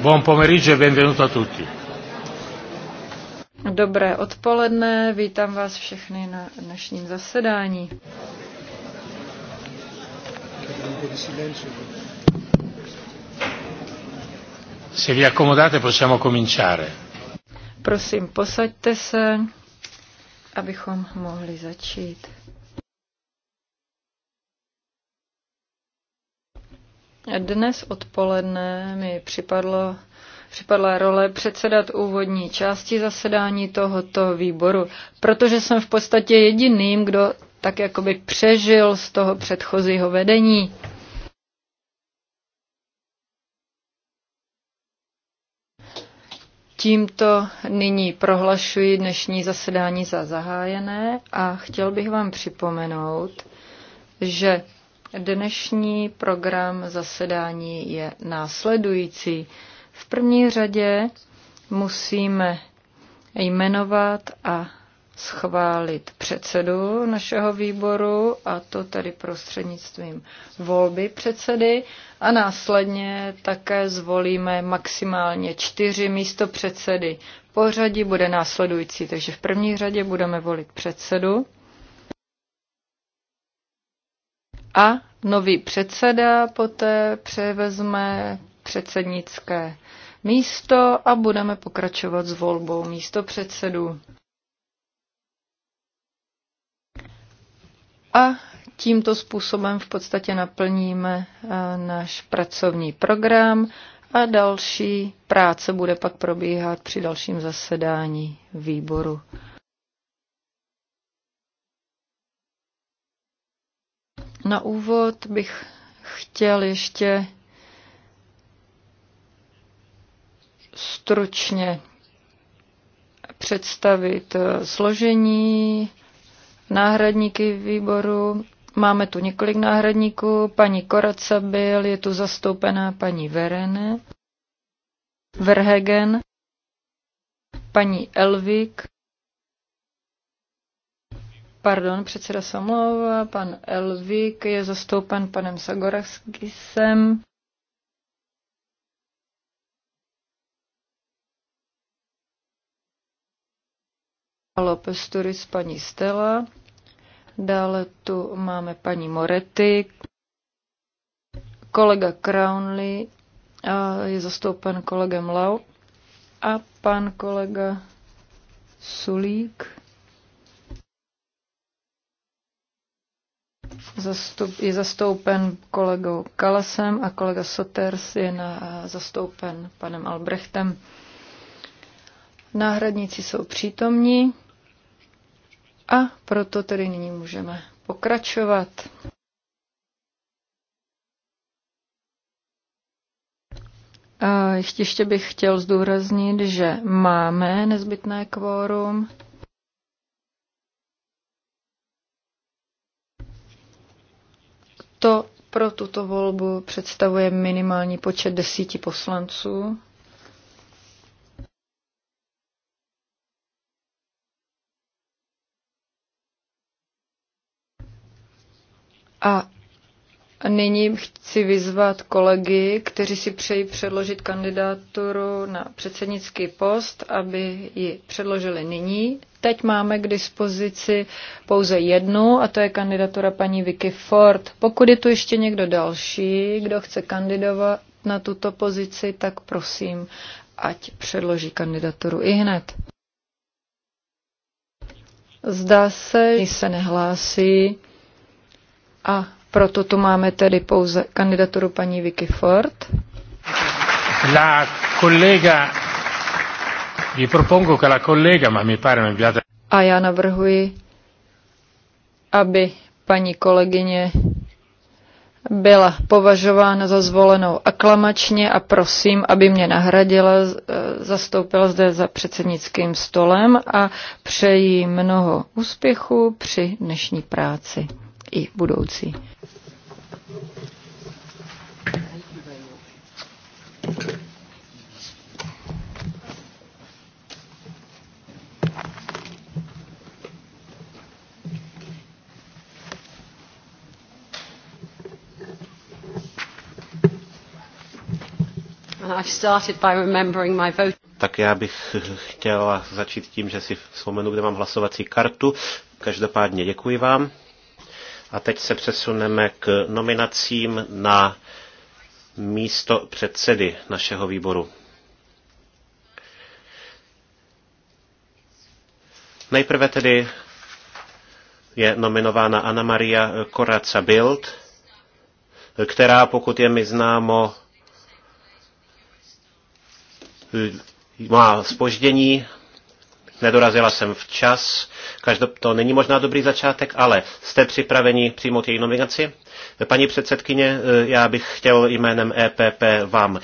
Buon pomeriggio e benvenuto a tutti. Dobré odpoledne, vítám vás všechny na dnešním zasedání. Se vi accomodate possiamo cominciare. Prosím, posaďte se, abychom mohli začít. Dnes odpoledne mi připadlo, připadla role předsedat úvodní části zasedání tohoto výboru, protože jsem v podstatě jediným, kdo tak jakoby přežil z toho předchozího vedení. Tímto nyní prohlašuji dnešní zasedání za zahájené a chtěl bych vám připomenout, že Dnešní program zasedání je následující. V první řadě musíme jmenovat a schválit předsedu našeho výboru, a to tedy prostřednictvím volby předsedy. A následně také zvolíme maximálně čtyři místo předsedy. Pořadí bude následující, takže v první řadě budeme volit předsedu. A Nový předseda poté převezme předsednické místo a budeme pokračovat s volbou místo předsedu. A tímto způsobem v podstatě naplníme eh, náš pracovní program a další práce bude pak probíhat při dalším zasedání výboru. Na úvod bych chtěl ještě stručně představit eh, složení náhradníky výboru. Máme tu několik náhradníků. Paní Koraca byl, je tu zastoupená paní Verene, Verhegen, paní Elvik, Pardon, předseda se pan Elvik je zastoupen panem Sagoraskisem. López Turis, paní Stella. Dále tu máme paní Moretti. Kolega Crownley je zastoupen kolegem Lau. A pan kolega Sulík. zastup, je zastoupen kolegou Kalasem a kolega Soters je na, eh, zastoupen panem Albrechtem. Náhradníci jsou přítomní a proto tedy nyní můžeme pokračovat. Ještě bych chtěl zdůraznit, že máme nezbytné kvórum. To pro tuto volbu představuje minimální počet desíti poslanců. A Nyní chci vyzvat kolegy, kteří si přejí předložit kandidaturu na předsednický post, aby ji předložili nyní. Teď máme k dispozici pouze jednu, a to je kandidatura paní Vicky Ford. Pokud je tu ještě někdo další, kdo chce kandidovat na tuto pozici, tak prosím, ať předloží kandidaturu i hned. Zdá se, že se nehlásí a proto tu máme tedy pouze kandidaturu paní Vicky Ford. La collega, vi propongo che la collega, ma mi pare un'inviata. A já navrhuji, aby paní kolegyně byla považována za zvolenou aklamačně a prosím, aby mě nahradila, e, zastoupila zde za předsednickým stolem a přeji mnoho úspěchu při dnešní práci i budoucí. Tak já bych chtěla začít tím, že si vzpomenu, kde mám hlasovací kartu. Každopádně děkuji vám. A teď se přesuneme k nominacím na místo předsedy našeho výboru. Nejprve tedy je nominována Anna Maria Koraca Bild, která, pokud je mi známo, má spoždění Nedorazila jsem včas. Každop, to není možná dobrý začátek, ale jste připraveni přijmout její nominaci? Paní předsedkyně, eh, já bych chtěl jménem EPP vám eh,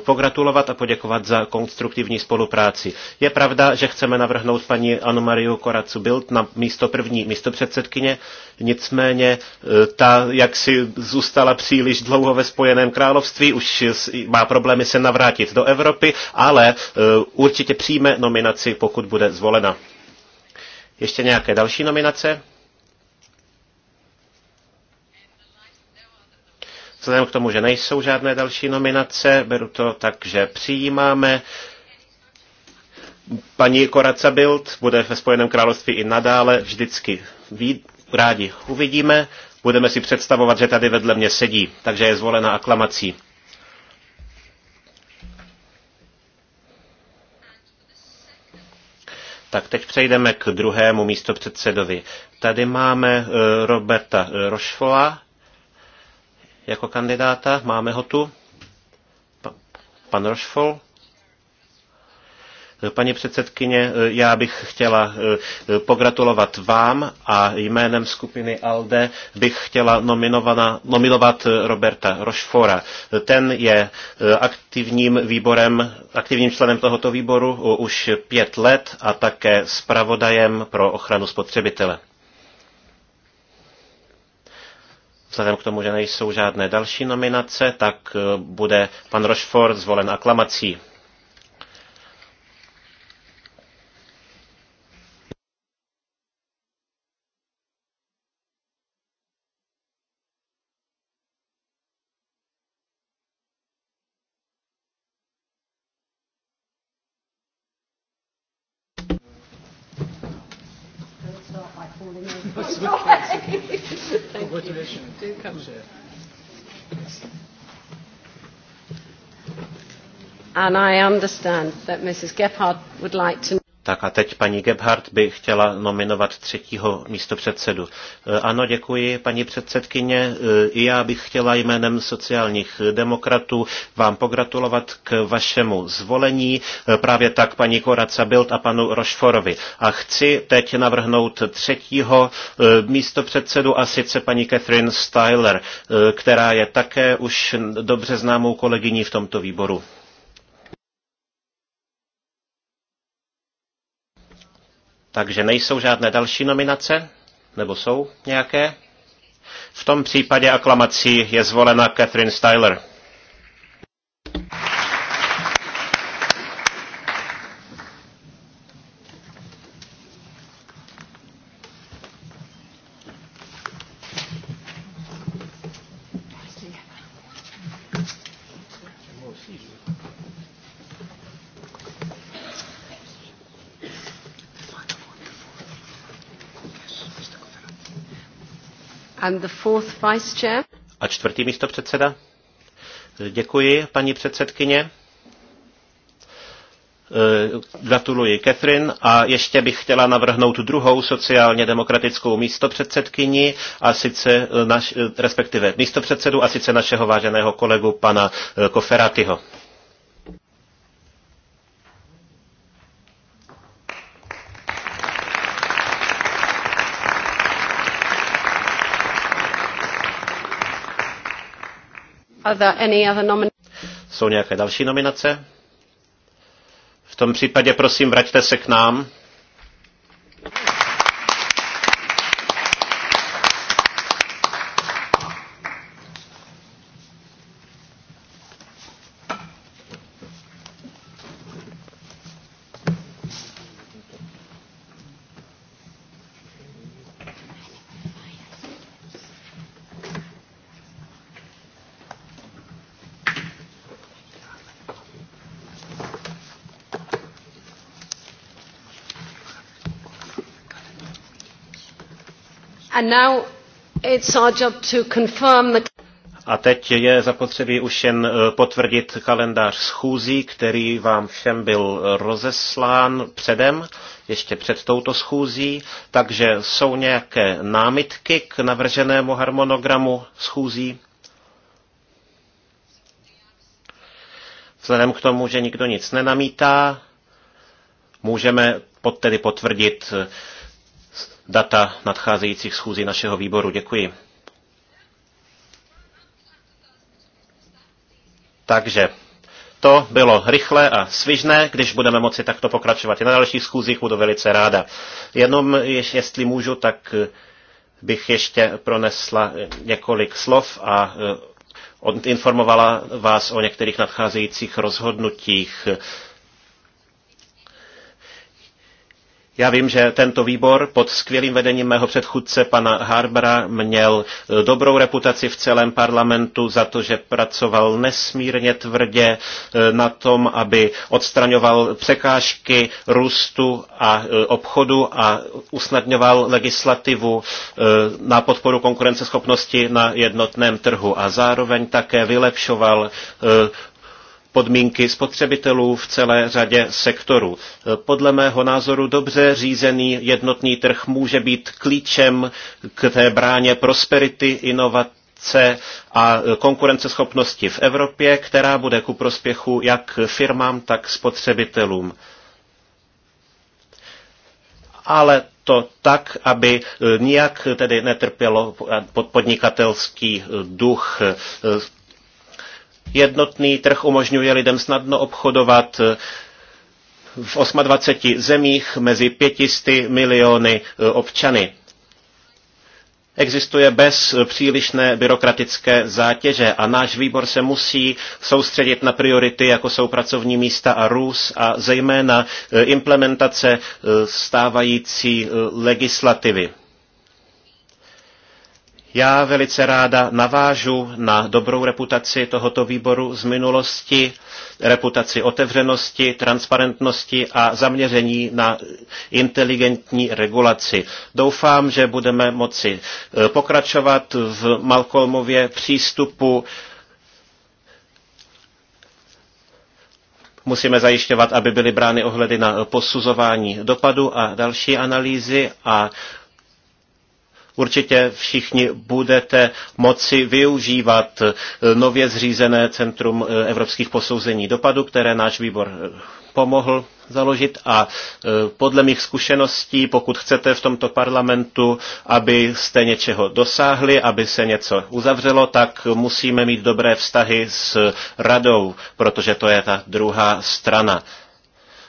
pogratulovat a poděkovat za konstruktivní spolupráci. Je pravda, že chceme navrhnout paní Anu Mariu Koracu Bild na místo první místo předsedkyně, nicméně eh, ta, jak si zůstala příliš dlouho ve Spojeném království, už má problémy se navrátit do Evropy, ale určitě přijme nominaci, pokud bude zvolena. Ještě nějaké další nominace? Vzhledem k tomu, že nejsou žádné další nominace, beru to tak, že přijímáme. Paní Koraca Bild bude ve Spojeném království i nadále vždycky rádi uvidíme. Budeme si představovat, že tady vedle mě sedí, takže je zvolena aklamací. Tak teď přejdeme k druhému místopředsedovi. Tady máme eh, Roberta eh, Rošvola, jako kandidáta. Máme ho tu. Pan Rošfol. Paní předsedkyně, já bych chtěla eh, pogratulovat vám a jménem skupiny ALDE bych chtěla nominovat eh, Roberta Rošfora. Ten je eh, aktivním výborem, aktivním členem tohoto výboru už pět let a také zpravodajem pro ochranu spotřebitele. Vzhledem k tomu, že nejsou žádné další nominace, tak eh, bude pan Rochefort zvolen aklamací. falling over. Congratulations. You. Do come. And I understand that Mrs. Gephardt would like to. Tak a teď paní Gebhardt by chtěla nominovat třetího místopředsedu. E, ano, děkuji, paní předsedkyně. E, I já bych chtěla jménem sociálních demokratů vám pogratulovat k vašemu zvolení. E, právě tak paní Koraca Bild a panu Rošforovi. A chci teď navrhnout třetího místopředsedu a sice paní Catherine Styler, která je také už dobře známou kolegyní v tomto výboru. Takže nejsou žádné další nominace? Nebo jsou nějaké? V tom případě aklamací je zvolena Catherine Styler. And the fourth vice chair. A čtvrtý místo předseda? Děkuji, paní předsedkyně. Eh, gratuluji Catherine a ještě bych chtěla navrhnout druhou sociálně demokratickou místopředsedkyni a sice eh, naš, eh, respektive místopředsedu a sice našeho váženého kolegu pana Koferatyho. Jsou nějaké další nominace? V tom případě prosím, vraťte se k nám. A teď je zapotřebí už jen eh, potvrdit kalendář schůzí, který vám všem byl rozeslán předem, ještě před touto schůzí. Takže jsou nějaké námitky k navrženému harmonogramu schůzí? Vzhledem k tomu, že nikdo nic nenamítá, můžeme pod, tedy potvrdit eh, data nadcházejících schůzí našeho výboru. Děkuji. Takže to bylo rychlé a svižné, když budeme moci takto pokračovat. I na dalších schůzích budu velice ráda. Jenom, jestli můžu, tak eh, bych ještě pronesla eh, několik slov a eh, informovala vás o některých nadcházejících rozhodnutích. Já vím, že tento výbor pod skvělým vedením mého předchůdce pana Harbra měl eh, dobrou reputaci v celém parlamentu za to, že pracoval nesmírně tvrdě eh, na tom, aby odstraňoval překážky růstu a eh, obchodu a usnadňoval legislativu na podporu konkurenceschopnosti na jednotném trhu a zároveň také vylepšoval podmínky spotřebitelů v celé řadě sektorů. Podle mého názoru dobře řízený jednotný trh může být klíčem k té bráně prosperity, inovace a konkurenceschopnosti v Evropě, která bude ku prospěchu jak firmám, tak spotřebitelům. Ale to tak, aby eh, nijak tedy netrpělo podnikatelský eh, duch. Eh, Jednotný trh umožňuje lidem snadno obchodovat eh, v 28 zemích mezi 500 miliony eh, občany. Existuje bez eh, přílišné byrokratické zátěže a náš výbor se musí soustředit na priority, jako jsou pracovní místa a růst a zejména implementace stávající legislativy. Já velice ráda navážu na dobrou reputaci tohoto výboru z minulosti, reputaci otevřenosti, transparentnosti a zaměření na inteligentní regulaci. Doufám, že budeme moci eh, pokračovat v Malcolmově přístupu musíme zajišťovat, aby byly brány ohledy na posuzování dopadu a další analýzy a určitě všichni budete moci využívat eh, nově zřízené Centrum eh, evropských posouzení dopadu, které náš výbor eh, pomohl založit a podle mých zkušeností, pokud chcete v tomto parlamentu, abyste něčeho dosáhli, aby se něco uzavřelo, tak musíme mít dobré vztahy s radou, protože to je ta druhá strana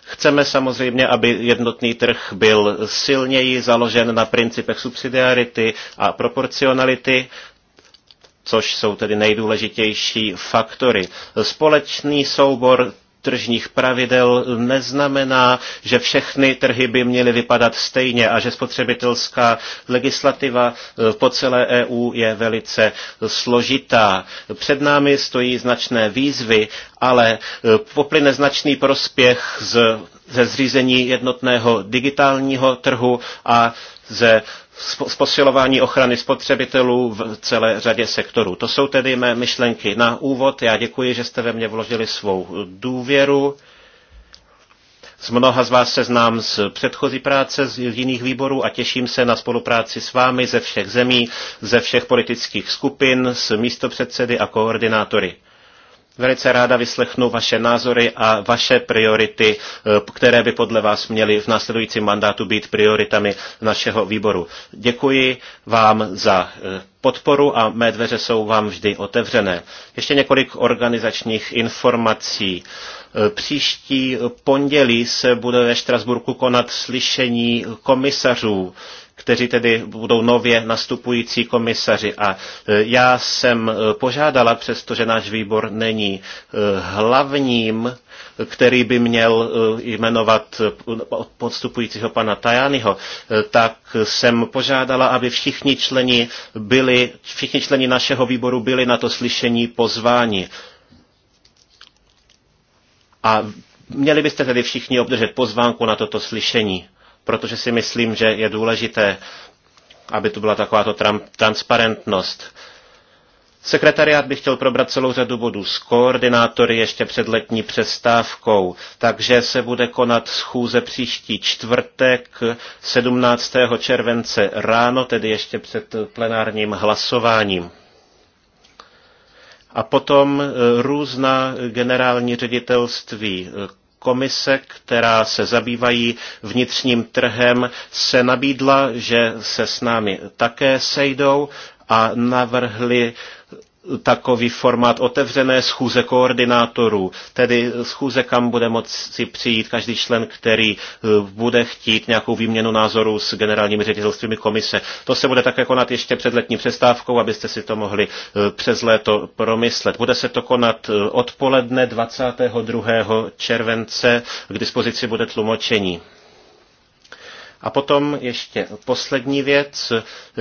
Chceme samozřejmě, aby jednotný trh byl silněji založen na principech subsidiarity a proporcionality, což jsou tedy nejdůležitější faktory. Společný soubor tržních pravidel neznamená, že všechny trhy by měly vypadat stejně a že spotřebitelská legislativa eh, po celé EU je velice eh, složitá. Před námi stojí značné výzvy, ale eh, poplyne značný prospěch z, ze zřízení jednotného digitálního trhu a ze posilování ochrany spotřebitelů v celé řadě sektorů. To jsou tedy mé myšlenky na úvod. Já děkuji, že jste ve mně vložili svou důvěru. Z mnoha z vás se znám z předchozí práce, z jiných výborů a těším se na spolupráci s vámi ze všech zemí, ze všech politických skupin, s místopředsedy a koordinátory. Velice ráda vyslechnu vaše názory a vaše priority, eh, které by podle vás měly v následujícím mandátu být prioritami našeho výboru. Děkuji vám za eh, podporu a mé dveře jsou vám vždy otevřené. Ještě několik organizačních informací. Eh, příští pondělí se bude ve Štrasburku konat slyšení komisařů kteří tedy budou nově nastupující komisaři. A e, já jsem e, požádala, přestože náš výbor není e, hlavním který by měl jmenovat podstupujícího pana Tajányho, tak jsem požádala, aby všichni členi, byli, všichni členi našeho výboru byli na to slyšení pozváni. A měli byste tedy všichni obdržet pozvánku na toto slyšení protože si myslím, že je důležité, aby tu byla takováto transparentnost. Sekretariát bych chtěl probrat celou řadu bodů s koordinátory ještě před letní přestávkou, takže se bude konat schůze příští čtvrtek 17. července ráno, tedy ještě před plenárním hlasováním. A potom eh, různá generální ředitelství eh, komise, která se zabývají vnitřním trhem, se nabídla, že se s námi také sejdou a navrhli takový formát otevřené schůze koordinátorů, tedy schůze, kam bude moci přijít každý člen, který eh, bude chtít nějakou výměnu názorů s generálními ředitelstvími komise. To se bude také konat jako ještě před letní přestávkou, abyste si to mohli eh, přes léto promyslet. Bude se to konat eh, odpoledne 22. července, k dispozici bude tlumočení. A potom ještě poslední věc.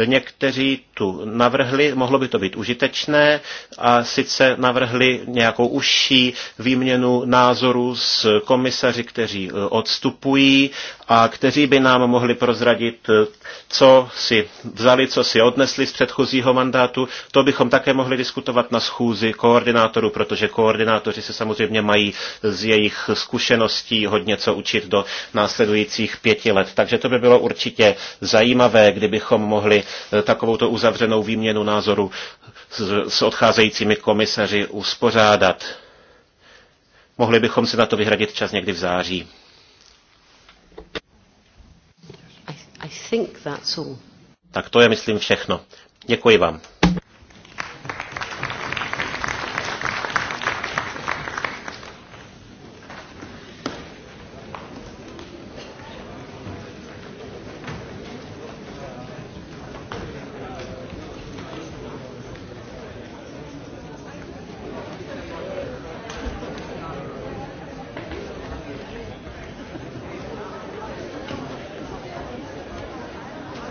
Někteří tu navrhli, mohlo by to být užitečné, a sice navrhli nějakou užší výměnu názorů s komisaři, kteří e, odstupují a kteří by nám mohli prozradit, e, co si vzali, co si odnesli z předchozího mandátu. To bychom také mohli diskutovat na schůzi koordinátorů, protože koordinátoři se samozřejmě mají z jejich zkušeností hodně co učit do následujících pěti let. Takže to by bylo určitě zajímavé, kdybychom mohli eh, takovouto uzavřenou výměnu názoru s odcházejícími komisaři uspořádat. Mohli bychom si na to vyhradit čas někdy v září. I, I think that's all. Tak to je, myslím, všechno. Děkuji vám.